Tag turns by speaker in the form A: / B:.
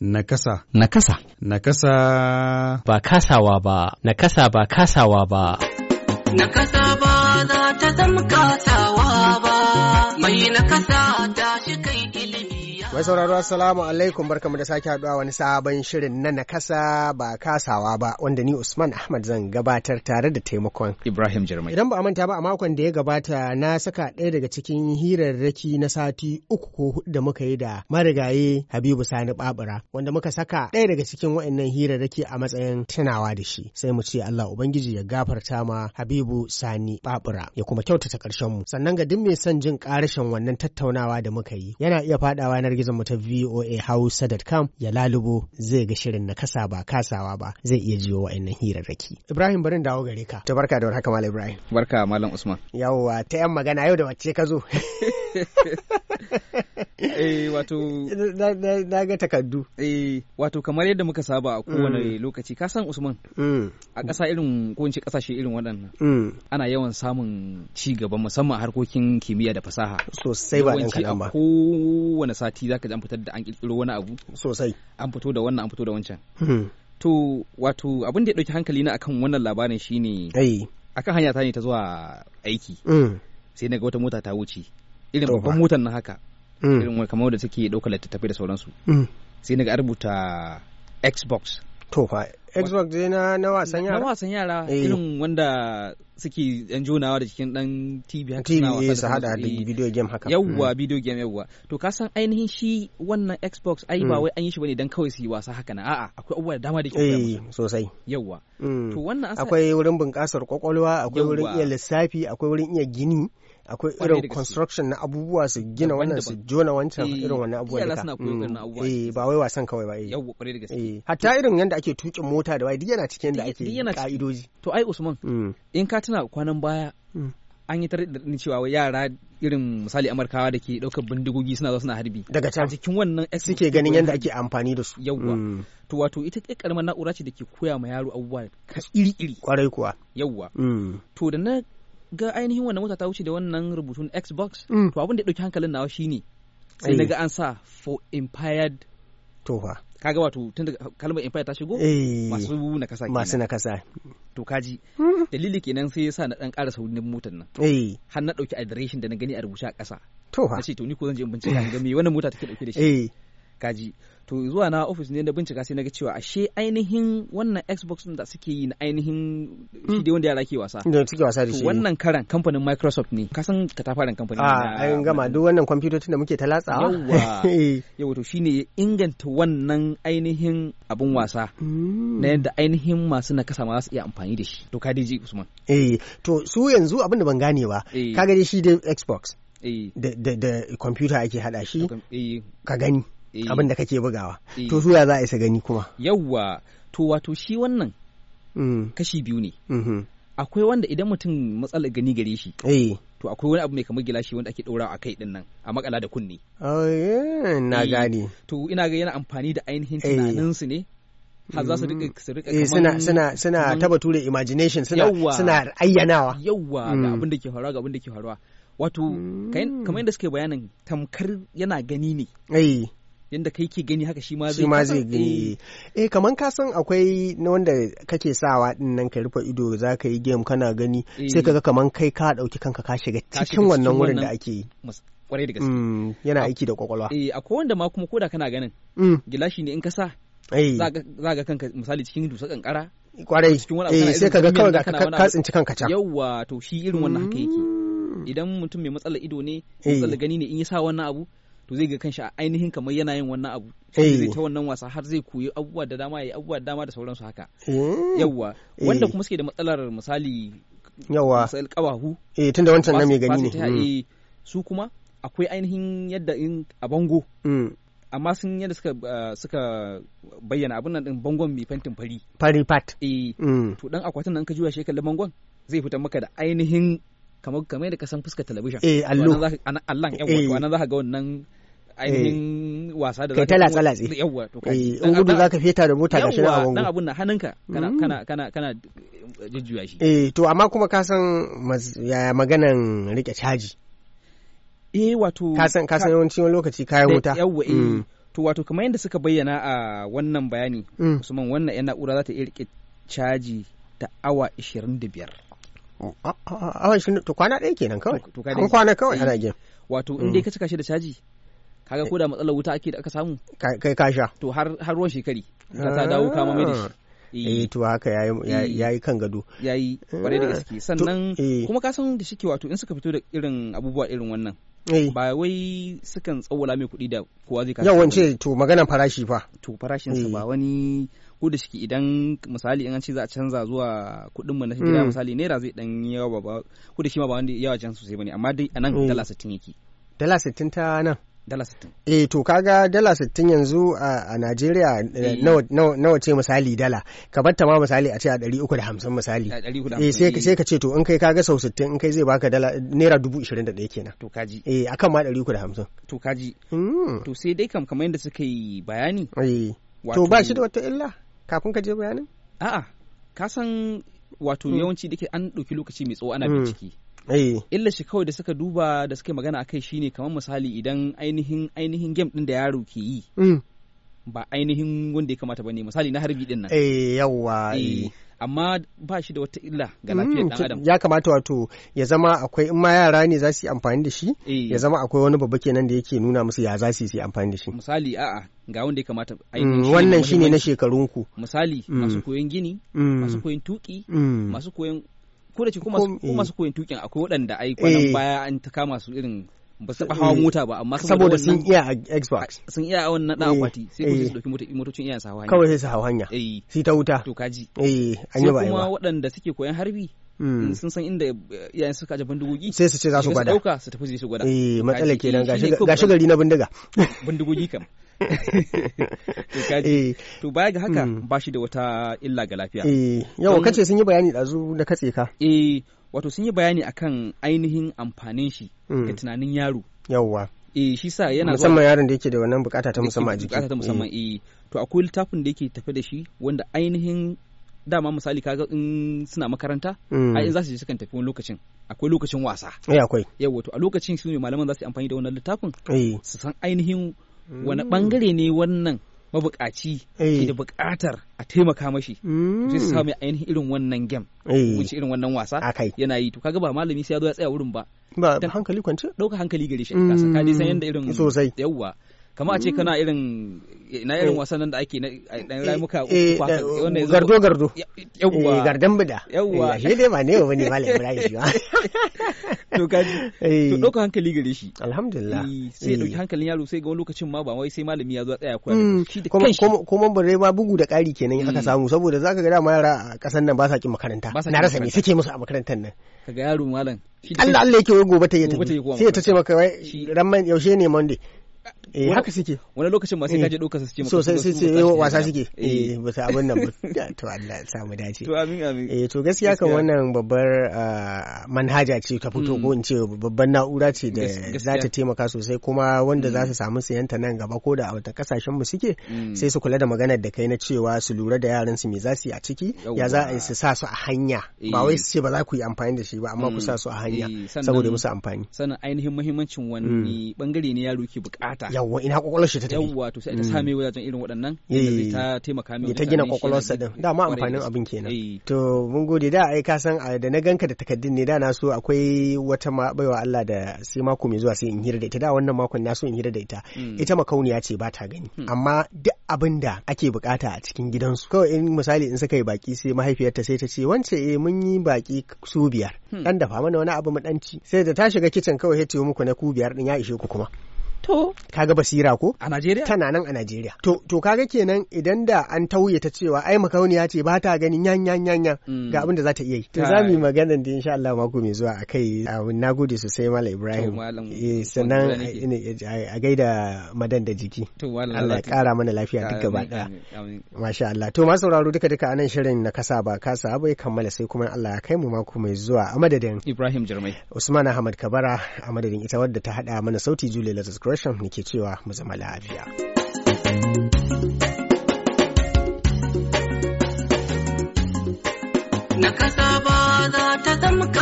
A: Nakasa. Nakasa. Nakasa. Ba kasawa ba. Nakasa ba kasawa ba.
B: Nakasa ba za ta zama kasawa ba. Mai nakasa ta shi kai
A: Mai sauraro Assalamu alaikum barkamu da sake haɗuwa wani sabon shirin na nakasa ba kasawa ba wanda ni Usman Ahmad zan gabatar tare da taimakon
B: Ibrahim Jirmai.
A: Idan ba a manta ba a makon da ya gabata na saka ɗaya daga cikin hirarraki na sati uku ko hudu da muka yi da marigaye Habibu Sani Babura wanda muka saka ɗaya daga cikin waɗannan hirarraki a matsayin tunawa da shi sai mu ce Allah Ubangiji ya gafarta ma Habibu Sani Babura ya kuma kyautata ƙarshen mu sannan ga duk mai son jin ƙarashin wannan tattaunawa da muka yi yana iya faɗawa yanar gizo manhajar mu ta voa hausa.com ya lalubo zai ga shirin na kasa ba kasawa ba zai iya jiyo wa'annan hirarraki ibrahim barin dawo gare ka ta barka da warhaka malam ibrahim
B: barka malam usman
A: yawwa ta yan magana yau da wacce ka zo
B: Eh, wato na ga takardu eh wato kamar yadda muka saba a kowane mm. lokaci ka san Usman mm. a ƙasa irin ko in ce ƙasashe irin waɗannan mm. ana yawan samun ci gaba musamman harkokin kimiyya da fasaha sosai ba ɗan A ba kowane sati zaka ji an fitar da an ƙirƙiro wani abu sosai an fito da wannan an fito da wancan to wato abin da ya ɗauki hankali na akan wannan labarin shine akan hanya ta ne ta zuwa aiki sai na ga wata mota ta wuce irin babban motar na haka Mm. irin kamar da take ɗaukar littattafai da sauransu mm. sai naga rubuta xbox to fa xbox dai na wasan yara na wasan yara irin wanda suke yan junawa da cikin dan TV haka TV eh su hada da video game haka yawwa mm. video game yawwa to ka san ainihin shi wannan Xbox ai ba mm. wai an yi shi bane dan kawai su yi wasa haka na a'a akwai abubuwa da dama da ke eh, sosai yawwa mm. to wannan akwai wurin
A: bunƙasar kwakwalwa akwai wurin iya lissafi akwai wurin iya gini akwai irin construction na abubuwa su gina wannan su jona wancan eh, irin wannan abubuwa duka eh ba wai wasan kawai ba
B: eh yawa kwarai da gaske eh,
A: hatta irin yanda ake tukin mota da wai duk yana cikin da ake ka'idoji to ai Usman
B: in ka tuna kwanan baya mm. an yi tare da cewa yara irin misali amurkawa da ke ɗaukar bindigogi suna zuwa suna harbi daga can cikin wannan
A: suke ganin yadda ake amfani da su yawwa mm.
B: to wato ita karamar na'ura ce da ke koya ma yaro abubuwa iri iri kwarai kuwa yawwa mm. to da na ga ainihin wannan wata ta wuce da wannan rubutun xbox to abin da ya ɗauki hankalin nawa shine sai na ga an sa for impaired to fa kaga wato tun daga kalmar empire ta shigo eh, masu na kasa masu na kasa. to kaji hmm. dalili kenan sai yasa na dan ƙara saurin motar nan eh. har na dauki adireshin da na gani a rubuce a ƙasa to fa ce to ni ko zan je in bincika ga me wannan mota take dauke da shi eh. kaji to zuwa na ofis ne na bincika sai naga cewa ashe ainihin wannan Xbox da suke yi na ainihin shi hmm. dai wanda yara ke wasa da suke wasa da shi wannan karan kamfanin Microsoft ne ka san katafaren kamfanin ah, a an gama duk wannan
A: kwamfutocin da muke ta latsa. yawa
B: yawa eh. to shine ya inganta wannan ainihin abun wasa
A: hmm. na yadda
B: ainihin masu nakasa ma za su iya amfani da shi to ka ji Usman eh to su yanzu abin da ban gane ba eh. ka
A: gani shi dai Xbox eh. da kwamfuta ake hada shi ka gani Eh. abin da kake bugawa eh. to su ya za a isa gani kuma
B: yawwa to wato shi wannan mm. kashi biyu ne mm-hmm. akwai wanda idan mutum matsalar gani gare shi eh. to akwai wani abu mai kamar gilashi wanda ake ɗora a kai din nan a makala da kunne oh, na gane to ina ga yana amfani da ainihin
A: tunaninsu
B: ne har za su rika mm. su rika suna suna
A: suna ta bature imagination suna suna ayyanawa Yawwa ga mm. abin da
B: ke faruwa ga abin da ke faruwa wato kamar yadda suke bayanin tamkar yana gani ne yanda kai ke gani haka shi ma zai ma zai gani
A: eh kaman ka san akwai na wanda kake sawa din nan ka rufe ido za ka yi game kana gani eh. sai kaga kaman kai ka dauki kanka ka shiga cikin wannan wurin da ake
B: yi kwarai da gaske
A: mm, yana aiki da kwakwalwa
B: eh akwai wanda ma kuma koda kana ganin mm. gilashi ne in ka sa eh. za ga kanka misali cikin dusa kankara kwarai eh sai kaga kawai ga ka tsinci kanka can yawa to shi irin wannan haka yake mm. idan mutum mai matsalar ido ne eh. matsalar gani ne in ya sa wannan abu to zai ga kanshi a ainihin kamar yana yin wannan abu eh. zai ta wannan wasa har zai koyi abubuwa da dama yayi abubuwa da dama da sauransu haka hmm. yawwa wanda eh. kuma suke da matsalar misali yawwa misal kawahu
A: eh tunda wancan na mai gani ne hmm. eh,
B: su kuma akwai ainihin yadda in a bango hmm. amma sun yadda suka ah, suka bayyana abin nan din bangon mai fentin fari fari pat eh to dan akwatin nan ka juya shi kallon bangon zai fitar maka da ainihin kamar kamar da ka san fuskar talabijin eh allo anan allan yawa to anan zaka ga wannan ainihin eh. wasa da kai ta latsa latsi yawa to kai eh, in gudu
A: zaka feta da mota gashi na bango dan abun
B: nan hannunka kana mm. kana kana kana jujjuya shi
A: eh to amma kuma ka san yaya maganan rike caji eh wato ka san ka san yawanci wani lokaci kayan wuta yawa eh mm.
B: to wato kamar yadda suka bayyana a wannan bayani musamman mm. wannan yan na'ura za ta iya rike caji ta awa 25
A: awa shi to kwana ɗaya kenan kawai an kwana kawai ana eh. gem
B: wato in dai ka cika shi da caji kaga ko da matsalar wuta ake da aka samu kai ka sha to har har ruwan shekari ta ta dawo ka mai da shi
A: ah. eh to haka yayi eh. kan gado yayi kwarai da ah. gaske
B: sannan eh. kuma ka san da shike wato in suka fito da irin abubuwa irin wannan eh. ba wai sukan tsawwala mai kuɗi da kowa zai kasa yawance to maganan farashi fa to farashin sa ba wani ko da shike idan misali in an ce za a canza zuwa kuɗin mu na gida hmm. misali naira zai dan yawa ba ko da shi ma ba wanda yawa can sosai bane amma dai anan hmm. dala 60 yake
A: dala 60 ta nan dala 60 eh to kaga dala 60 yanzu a Najeriya eh, eh. nawa ce misali dala ka batta ma misali a ce a 350 misali
B: eh sai ka
A: ce to in kai kaga sau 60 in kai zai baka dala naira 21 kenan to kaji eh akan ma 350 to kaji
B: hmm. to sai dai kam kamar yadda suka yi bayani eh to ba shi da wata illa kafin ka je bayanin a'a ka san wato hmm. yawanci dake an ɗauki lokaci mai tsawo ana hmm. bincike Eh. illa shi kawai da suka duba da suka magana a kai shine kamar misali idan ainihin ainihin game din da yaro ke yi mm. ba ainihin wanda ya kamata ba ne misali na harbi din nan eh
A: yawa eh,
B: eh. amma ba shi da wata illa ga mm, lafiyar dan adam
A: ya kamata wato ya zama akwai in ma yara ne za su yi amfani da shi ya zama akwai wani babba kenan da yake nuna musu ya za su yi amfani da shi
B: misali a'a ga wanda ya kamata mm, wannan shine na
A: shekarunku
B: misali masu koyon gini masu koyon tuki
A: masu
B: koyon ko da ko masu eh. koyon tukin akwai waɗanda ai kwanan eh. baya an ta kama su irin ba su eh. hawa mota ba amma saboda sun iya a Xbox sun iya a na ɗan akwati sai ku su dauki motocin iyayen sa hawa hanya kawai sai su
A: hawa hanya si sai ta wuta to kaji eh an yi ba kuma
B: waɗanda suke koyon harbi hmm. sun san inda iyayen suka aje bindigogi sai su ce za su gwada dauka su tafi su gwada eh matsalar kenan gashi gari na bindiga bindigogi kam Eh. to baya ga haka mm. ba shi da wata illa ga lafiya eh.
A: Yau ka ce sun yi bayani ɗazu da katse ka
B: eh wato sun yi bayani akan ainihin amfanin shi mm. ga tunanin yaro yawa eh shi sa yana musamman
A: yaron da yake da wannan bukata ta musamman a jiki bukata ta musamman
B: mm. eh to akwai littafin da yake tafe da shi wanda ainihin dama misali kaga in suna makaranta a in za su je sukan tafi wani lokacin akwai lokacin wasa eh akwai yawa to a lokacin su ne malaman za su yi amfani da wannan littafin eh. su san ainihin wani bangare ne wannan mabukaci ke eh. da bukatar a taimaka mashi sai mm. su samu ainihin irin wannan gem. wuce eh. irin wannan wasa yana yi to kaga ba malami sai ya zo ya tsaya wurin ba ba hankali kwance dauka hankali gare shi ka saka dai san yanda irin sosai Yawwa kama a ce kana irin na irin eh. wasannin da ake na ramuka gardo gardo yawwa eh, gardan bida yawwa eh, shi dai ba ne ba ne malam ibrahim shi ba
A: to kaji eh. to dauka hankali gare shi alhamdulillah sai dauki
B: hankalin yaro sai ga wani lokacin ma ba wai sai malami ya zo tsaya koyar hmm, shi da kanshi
A: kuma bare ma bugu da ƙari kenan aka hmm. samu saboda zaka ga da ma yara a kasan nan ba sa kin makaranta na rasa me suke musu a makarantar nan
B: kaga yaro malam Allah Allah yake wai gobe ta yi ta sai ta ce maka wai ran
A: yaushe ne monday
B: eh haka suke wani lokacin ma sai kaje eh. dokar su ce maka sosai sai sai eh, wasa suke eh, eh ba ta abin nan to Allah ya samu dace to amin amin
A: eh to gaskiya kan wannan babbar ah, manhaja ce ta fito hmm. ko in ce babban na'ura ce da za ta taimaka sosai kuma wanda za su hmm. samu sayan ta nan gaba ko da a wata kasashen mu suke hmm. sai su kula da maganar da kai na cewa su lura da yaran su me za su yi a ciki ya za a su sa su a hanya ba wai su ce ba za ku yi amfani da shi ba amma ku sa su a hanya saboda musu amfani
B: sannan ainihin muhimmancin wani bangare ne yaro ke bukata bukata yawwa ina kokolon shi ta tafi yawwa to sai ta same wajen irin waɗannan ta taimaka mai ta gina kokolon sa din dama amfanin abin kenan
A: to mun gode da ai ka san da na ganka da takaddun ne da na so akwai wata ma baiwa Allah da sai mako mai zuwa sai in hira da ita da wannan makon na so in hira da ita mm. ita makauniya ce ba ta gani mm. amma duk abin da ake bukata a cikin gidansu kawai in misali in suka yi baki sai mahaifiyarta sai ta ce wance eh mun yi baki su biyar dan hmm. dafa mana wani abu mu ɗanci sai da ta shiga kicin kawai ya ce muku na ku biyar din ya ishe ku kuma To. Kaga basira ko? A Najeriya? Tana nan a Najeriya. To, to kaga kenan idan da an tauye ta cewa ai makauniya ce ba ta ganin yan yan yan yan mm. ga abin da za ta iya yi. To za mu yi magana da insha Allah mako mai zuwa a kai. Ah, na gode sosai Malam Ibrahim. Eh, sannan eh, a gaida madan da jiki. To Allah ya kara mana lafiya duk gaba daya. Masha Allah. To masu sauraro duka duka anan shirin na kasa ba kasa bai kammala sai kuma Allah ya kai mu mako mai zuwa a madadin.
B: Ibrahim Jirmai.
A: Usman Ahmad Kabara a madadin ita wadda ta hada mana sauti Julia Lazarus Gresham nake cewa mu zama lafiya.
B: Na kasa ba za ta zama